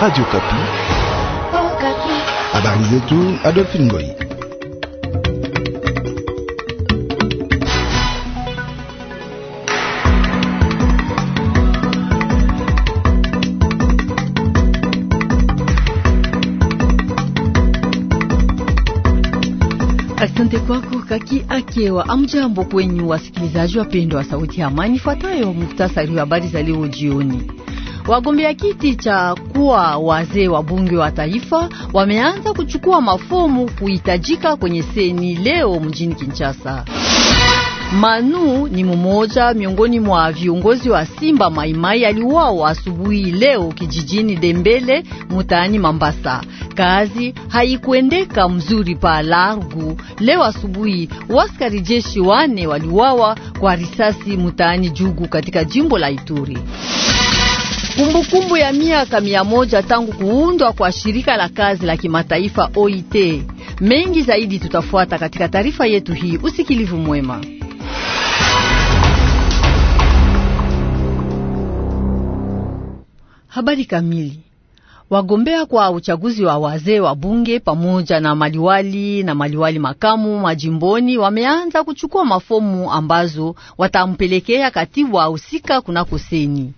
Radio Kapi. Oh, Kapi. Habari zetu Adolphine Ngoi. Asante kwako Kaki Akewa. Amjambo kwenyu wasikilizaji wapendwa wa Sauti ya Amani. Fuatayo muktasari wa habari za leo jioni. Wagombea kiti cha kuwa wazee wa bunge wa taifa wameanza kuchukua mafomu kuhitajika kwenye seni leo mjini Kinshasa. Manu ni mmoja miongoni mwa viongozi wa Simba Maimai aliuawa asubuhi leo kijijini Dembele mutaani Mambasa. Kazi haikuendeka mzuri pa Largu leo asubuhi, waskari jeshi wane waliuawa kwa risasi mutaani Jugu katika jimbo la Ituri. Kumbukumbu kumbu ya miaka mia moja tangu kuundwa kwa shirika la kazi la kimataifa OIT. Mengi zaidi tutafuata katika taarifa yetu hii. Usikilivu mwema. Habari kamili. Wagombea kwa uchaguzi wa wazee wa bunge pamoja na maliwali na maliwali makamu majimboni wameanza kuchukua mafomu ambazo watampelekea katibu wa husika kunako seni.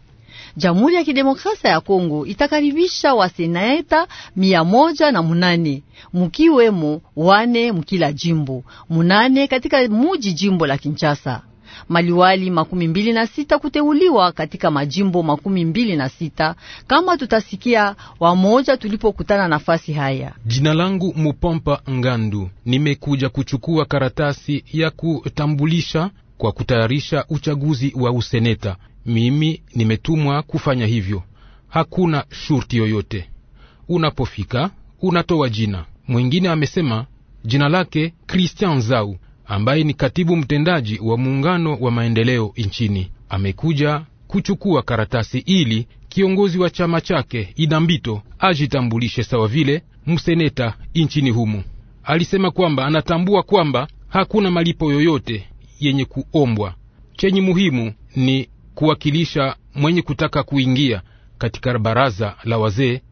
Jamhuri ya Kidemokrasia ya Kongo itakaribisha waseneta mia moja na munane mukiwemo wane mukila jimbo munane katika muji jimbo la Kinshasa. Maliwali makumi mbili na sita kuteuliwa katika majimbo makumi mbili na sita kama tutasikia wamoja tulipokutana nafasi haya. Jina langu Mupompa Ngandu, nimekuja kuchukua karatasi ya kutambulisha kwa kutayarisha uchaguzi wa useneta mimi nimetumwa kufanya hivyo. Hakuna shurti yoyote. Unapofika unatoa jina. Mwingine amesema jina lake Christian Zau, ambaye ni katibu mtendaji wa muungano wa maendeleo nchini, amekuja kuchukua karatasi ili kiongozi wa chama chake Idambito ajitambulishe sawa vile mseneta nchini humu. Alisema kwamba anatambua kwamba hakuna malipo yoyote yenye kuombwa. Chenye muhimu ni kuwakilisha mwenye kutaka kuingia katika baraza la wazee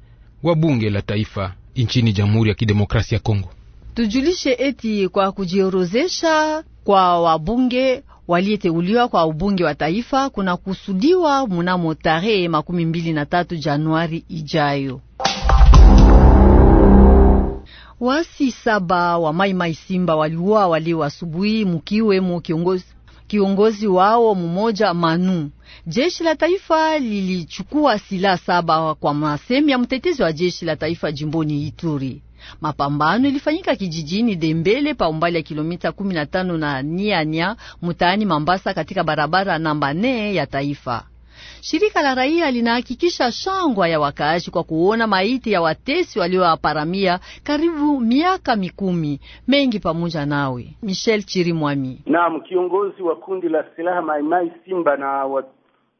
wa bunge la taifa nchini Jamhuri ya Kidemokrasia ya Kongo. Tujulishe eti kwa kujiorozesha kwa wabunge waliyeteuliwa kwa ubunge wa taifa kuna kusudiwa mnamo tarehe makumi mbili na tatu Januari ijayo. Wasi saba wa Maimai Simba waliuawa leo asubuhi, mkiwemo kiongozi kiongozi wao mmoja Manu. Jeshi la taifa lilichukua silaha saba kwa masemi ya mtetezi wa jeshi la taifa jimboni Ituri. Mapambano ilifanyika kijijini Dembele pa umbali ya kilomita 15 na Niania mtaani Mambasa katika barabara namba 4 ya taifa. Shirika la raia linahakikisha shangwa ya wakaaji kwa kuona maiti ya watesi waliowaparamia karibu miaka mikumi mengi. Pamoja nawe Michel Chirimwami. Naam, kiongozi wa kundi la silaha Maimai Simba na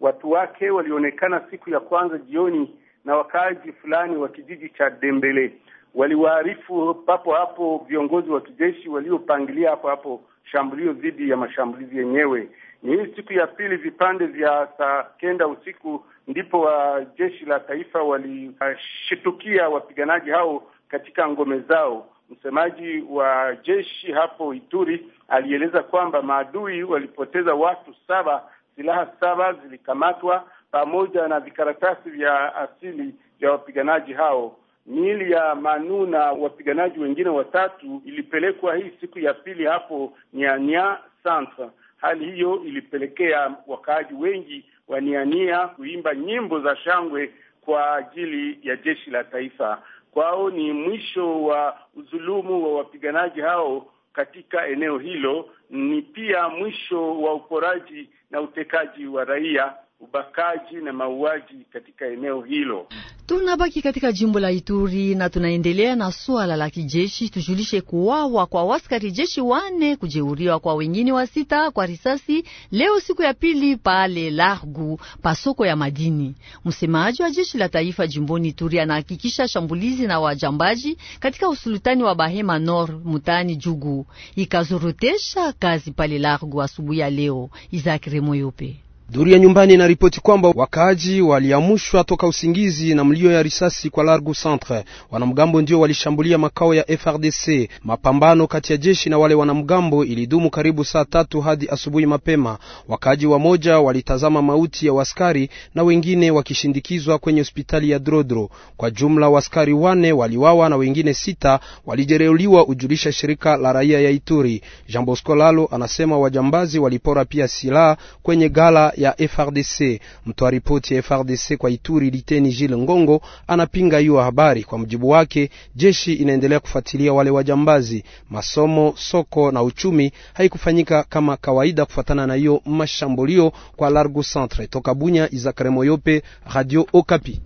watu wake walionekana siku ya kwanza jioni na wakaaji fulani wa kijiji cha Dembele waliwaarifu papo hapo viongozi wa kijeshi waliopangilia hapo hapo shambulio dhidi ya mashambulizi yenyewe. Ni hii siku ya pili vipande vya saa kenda usiku ndipo wa jeshi la taifa walishitukia wapiganaji hao katika ngome zao. Msemaji wa jeshi hapo Ituri alieleza kwamba maadui walipoteza watu saba, silaha saba zilikamatwa pamoja na vikaratasi vya asili vya wapiganaji hao. Miili ya Manu na wapiganaji wengine watatu ilipelekwa hii siku ya pili hapo Nyanya Centre. Hali hiyo ilipelekea wakaaji wengi waniania kuimba nyimbo za shangwe kwa ajili ya jeshi la taifa. Kwao ni mwisho wa udhulumu wa wapiganaji hao katika eneo hilo, ni pia mwisho wa uporaji na utekaji wa raia ubakaji na mauaji katika eneo hilo. Tunabaki katika jimbo la Ituri na tunaendelea na suala la kijeshi. Tujulishe kuwawa kwa waskari jeshi wane, kujeuriwa kwa wengine wa sita kwa risasi leo siku ya pili pale Largu pasoko ya madini. Msemaji wa jeshi la taifa jimboni Ituri anahakikisha shambulizi na wajambaji katika usultani wa Bahema Nord Mutani Jugu ikazorotesha kazi pale Largu asubuhi ya leo. Isaac Remoyope. Duru ya nyumbani inaripoti kwamba wakaaji waliamushwa toka usingizi na mlio ya risasi kwa Largu Centre. Wanamgambo ndio walishambulia makao ya FRDC. Mapambano kati ya jeshi na wale wanamgambo ilidumu karibu saa tatu hadi asubuhi mapema. Wakaaji wamoja walitazama mauti ya waskari na wengine wakishindikizwa kwenye hospitali ya Drodro. Kwa jumla waskari wane waliwawa na wengine sita walijereuliwa, ujulisha shirika la raia ya Ituri. Jean Bosco Lalo anasema wajambazi walipora pia silaha kwenye gala ya FRDC. Mtoa ripoti ya FRDC kwa Ituri, Liteni Jil Ngongo, anapinga hiyo habari. Kwa mujibu wake, jeshi inaendelea kufuatilia wale wajambazi. Masomo, soko na uchumi haikufanyika kama kawaida kufuatana na hiyo mashambulio kwa Largo Centre. Toka Bunya, Izakare Moyope, Radio Okapi.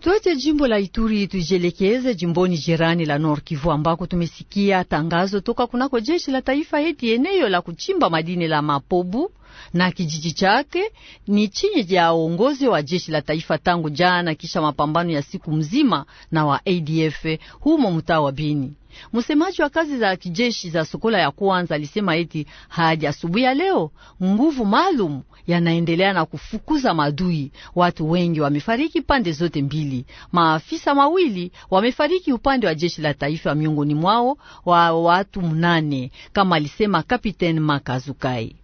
Tuache jimbo la Ituri tujielekeze jimboni jirani la Nord Kivu ambako tumesikia tangazo toka kunako jeshi la taifa heti eneo la kuchimba madini la Mapobu na kijiji chake ni chini ya uongozi wa jeshi la taifa tangu jana, kisha mapambano ya siku mzima na wa ADF humo mtaa wa Bini. Msemaji wa kazi za kijeshi za Sokola ya kwanza alisema eti hadi asubuhi ya leo nguvu maalum yanaendelea na kufukuza madui. Watu wengi wamefariki pande zote mbili. Maafisa mawili wamefariki upande wa jeshi la taifa, miongoni mwao wa watu mnane, kama alisema Kapiteni Makazukai.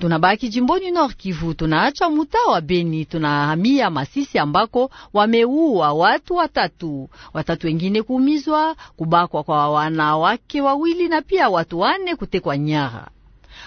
Tunabaki jimboni Nord Kivu, tunaacha mutaa wa Beni, tunahamia Masisi ambako wameua watu watatu, watatu wengine kuumizwa, kubakwa kwa wanawake wawili na pia watu wanne kutekwa nyara.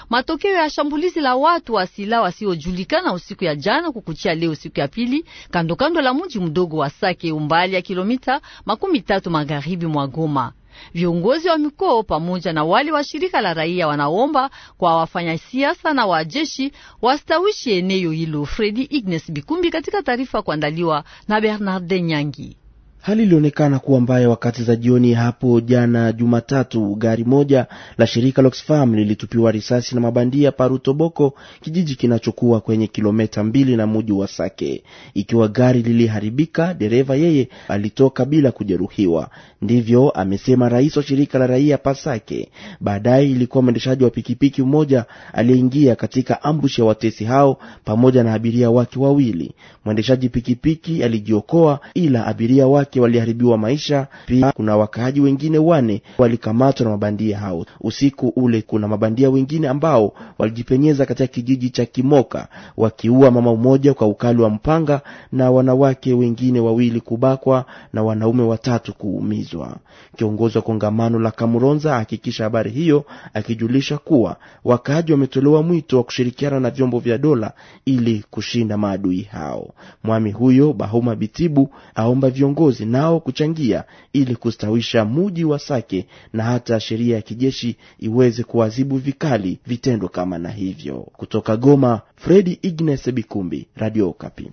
Matokeo ya shambulizi la watu wa silaha wasiojulikana usiku ya jana kukuchia leo siku ya pili kandokando la mji mdogo wa Sake umbali ya kilomita makumi tatu magharibi mwa Goma. Viongozi wa mikoa pamoja na wale wa shirika la raia wanaomba kwa wafanyasiasa na wajeshi wastawishi eneo hilo. Fredi Ignes Bikumbi katika taarifa kuandaliwa na Bernarde Nyangi. Hali ilionekana kuwa mbaya wakati za jioni hapo jana Jumatatu, gari moja la shirika la Oxfam lilitupiwa risasi na mabandia Parutoboko, kijiji kinachokuwa kwenye kilometa mbili na muji wa Sake. Ikiwa gari liliharibika, dereva yeye alitoka bila kujeruhiwa, ndivyo amesema rais wa shirika la raia Pasake. Baadaye ilikuwa mwendeshaji wa pikipiki mmoja aliyeingia katika ambush ya watesi hao pamoja na abiria wake wawili. Mwendeshaji pikipiki alijiokoa, ila abiria wake wake waliharibiwa maisha. Pia kuna wakaaji wengine wane walikamatwa na mabandia hao usiku ule. Kuna mabandia wengine ambao walijipenyeza katika kijiji cha Kimoka wakiua mama mmoja kwa ukali wa mpanga na wanawake wengine wawili kubakwa na wanaume watatu kuumizwa. Kiongozi wa kongamano la Kamuronza hakikisha habari hiyo, akijulisha kuwa wakaaji wametolewa mwito wa kushirikiana na vyombo vya dola ili kushinda maadui hao. Mwami huyo Bahuma Bitibu aomba viongozi polisi nao kuchangia ili kustawisha muji wa Sake na hata sheria ya kijeshi iweze kuadhibu vikali vitendo kama na hivyo. Kutoka Goma, Fredi Ignace Bikumbi, Radio Okapi.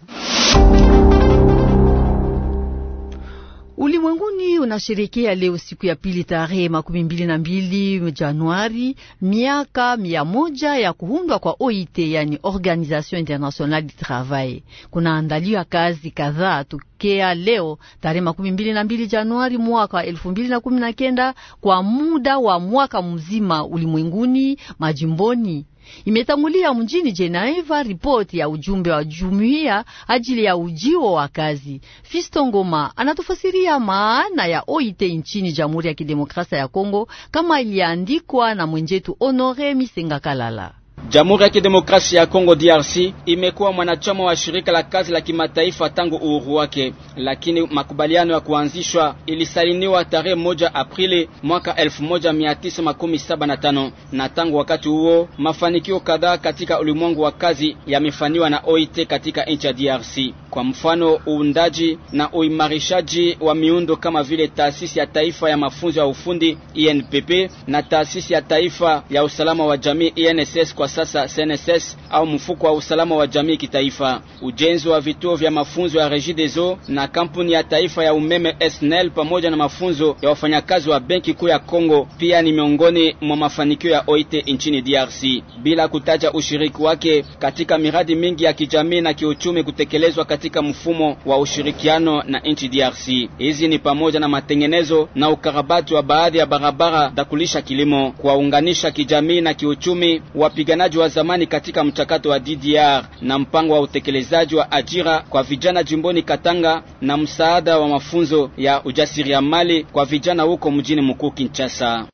Ulimwenguni unasherekea leo siku ya pili tarehe makumi mbili na mbili Januari miaka mia moja ya kuundwa kwa OIT, yani Organisation Internationale du Travail. Kunaandaliwa kazi kadhaa tokea leo tarehe makumi mbili na mbili Januari mwaka elfu mbili na kumi na kenda kwa muda wa mwaka mzima ulimwenguni, majimboni imetangulia mjini Geneva ripoti ya ujumbe wa jumuiya ajili ya ujio wa kazi. Fisto Ngoma anatufasiria maana ya OIT nchini Jamhuri ya Kidemokrasia ya Kongo kama iliandikwa na mwenjetu Honore Misenga Kalala. Jamhuri ya Kidemokrasia ya Kongo DRC imekuwa mwanachama wa shirika la kazi la kimataifa tangu uhuru wake, lakini makubaliano ya kuanzishwa ilisaliniwa tarehe moja Aprili mwaka 1975 na tangu wakati huo mafanikio kadhaa katika ulimwengu wa kazi yamefanywa na OIT katika nchi ya DRC kwa mfano uundaji na uimarishaji wa miundo kama vile taasisi ya taifa ya mafunzo ya ufundi INPP na taasisi ya taifa ya usalama wa jamii INSS, kwa sasa CNSS, au mfuko wa usalama wa jamii kitaifa, ujenzi wa vituo vya mafunzo ya Regideso na kampuni ya taifa ya umeme SNEL, pamoja na mafunzo ya wafanyakazi wa benki kuu ya Kongo, pia ni miongoni mwa mafanikio ya OIT nchini DRC, bila kutaja ushiriki wake katika miradi mingi ya kijamii na kiuchumi kutekelezwa katika mfumo wa ushirikiano na nchi DRC. Hizi ni pamoja na matengenezo na ukarabati wa baadhi ya barabara za kulisha kilimo, kuwaunganisha kijamii na kiuchumi wapiganaji wa zamani katika mchakato wa DDR na mpango wa utekelezaji wa ajira kwa vijana jimboni Katanga na msaada wa mafunzo ya ujasiriamali kwa vijana huko mjini mkuu Kinshasa.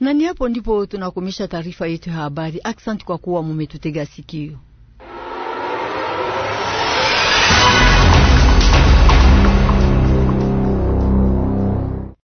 Na ni hapo ndipo tunakomesha taarifa yetu ya habari. Aksanti kwa kuwa mumetutega sikio.